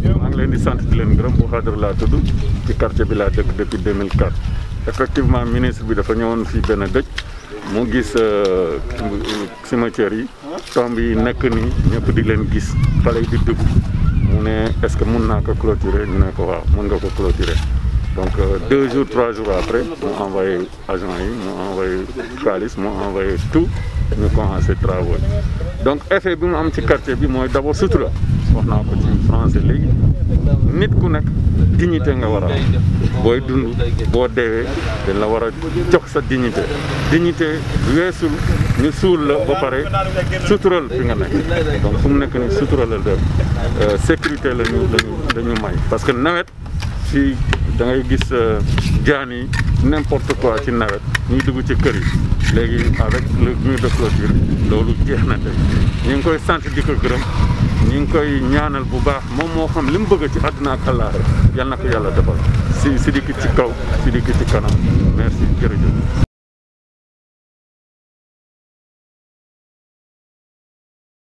bi euh, ngi leen di sant di leen gërëm bu xadar laa tudd ci quartier bi laa dëkk depuis 2004 effectivement ministre bi dafa ñëwoon fii benn dëj mu gis euh, cimetière yi tomb yi nekk nii ñëpp di leen gis xale yi di dugg mu ne est-ce que mun naa ko clôturer ñu ne ko waaw mun nga ko clôturer donc euh, deux jour trois jours après mu envoyé agent yi mu envoyé xaalis mu envoyé tout ñu commencé travaux donc effet bi mu am ci quartier bi mooy d'abord sutura wax naa ko ci français léegi nit ku nekk dignité nga war a booy dund boo deewee dañ la war a jox sa dignité dignité weesul ñu suul la ba pare sutural fi nga nekk donc fu mu nekk ni sutural la def euh, sécurité la ñu lañu lañu may parce que nawet si da ngay gis euh, jaani yi n'importe quoi ci nawet ñuy dugg ci kër yi léegi avec le mur de clôture loolu jeex na tey ñu ngi koy sant di ko gërëm ñu ngi koy ñaanal bu baax moom moo xam li mu bëgg ci àdduna ak àllaax yal na ko yàlla defal si Sidiki ci kaw Sidiki ci kanam merci jërëjëf.